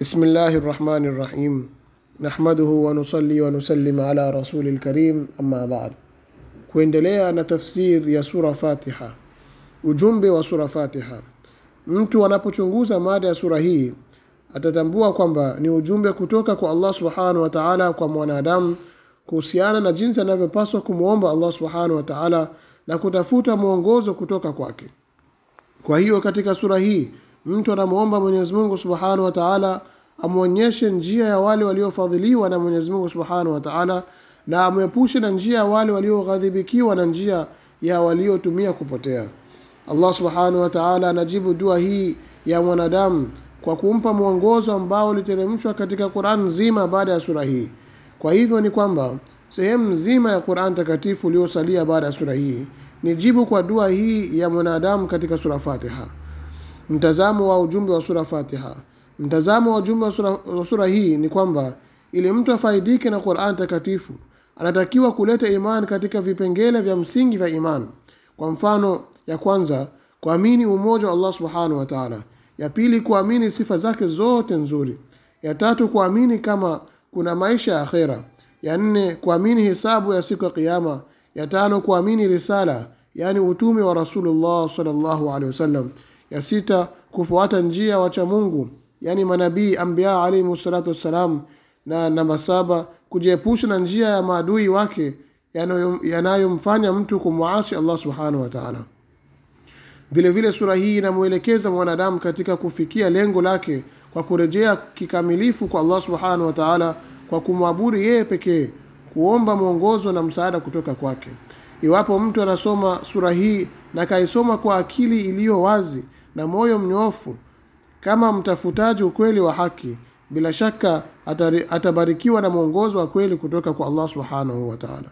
بسم الله الرحمن الرحيم نحمده ونصلي ونسلم على رسول الكريم أما بعد kuendelea na tafsir ya sura Fatiha. Ujumbe wa sura Fatiha. Mtu anapochunguza mada ya sura hii atatambua kwamba ni ujumbe kutoka kwa Allah subhanahu wa ta'ala kwa mwanadamu kuhusiana na jinsi anavyopaswa kumwomba Allah subhanahu wa ta'ala na kutafuta mwongozo kutoka kwake. Kwa hiyo katika sura hii mtu anamuomba Mwenyezi Mungu Subhanahu wa Ta'ala amwonyeshe njia ya wale waliofadhiliwa na Mwenyezi Mungu Subhanahu wa Ta'ala na amwepushe na njia ya wale walioghadhibikiwa na njia ya waliotumia kupotea. Allah Subhanahu wa Ta'ala anajibu dua hii ya mwanadamu kwa kumpa mwongozo ambao uliteremshwa katika Qur'an nzima baada ya sura hii. Kwa hivyo ni kwamba sehemu nzima ya Qur'an takatifu uliosalia baada ya sura hii ni jibu kwa dua hii ya mwanadamu katika sura Fatiha. Mtazamo wa ujumbe wa sura Fatiha. Mtazamo wa ujumbe wa sura, wa sura hii ni kwamba ili mtu afaidike na Qur'an takatifu anatakiwa kuleta imani katika vipengele vya msingi vya imani. Kwa mfano, ya kwanza kuamini umoja wa Allah subhanahu wa ta'ala, ya pili kuamini sifa zake zote nzuri, ya tatu kuamini kama kuna maisha ya akhera, ya nne kuamini hisabu ya siku ya Kiyama, ya tano kuamini risala, yani utume wa Rasulullah sallallahu alaihi wasallam ya sita kufuata njia wacha Mungu yani manabii ambia alayhi salatu wassalam na namba saba kujiepusha na njia ya maadui wake yanayomfanya yanayo mtu kumwasi Allah subhanahu wa ta'ala vile vile sura hii inamwelekeza mwanadamu katika kufikia lengo lake kwa kurejea kikamilifu kwa Allah subhanahu wa ta'ala kwa kumwabudu yeye pekee kuomba mwongozo na msaada kutoka kwake iwapo mtu anasoma sura hii na kaisoma kwa akili iliyo wazi na moyo mnyofu kama mtafutaji ukweli wa haki bila shaka atabarikiwa na mwongozo wa kweli kutoka kwa Allah subhanahu wa ta'ala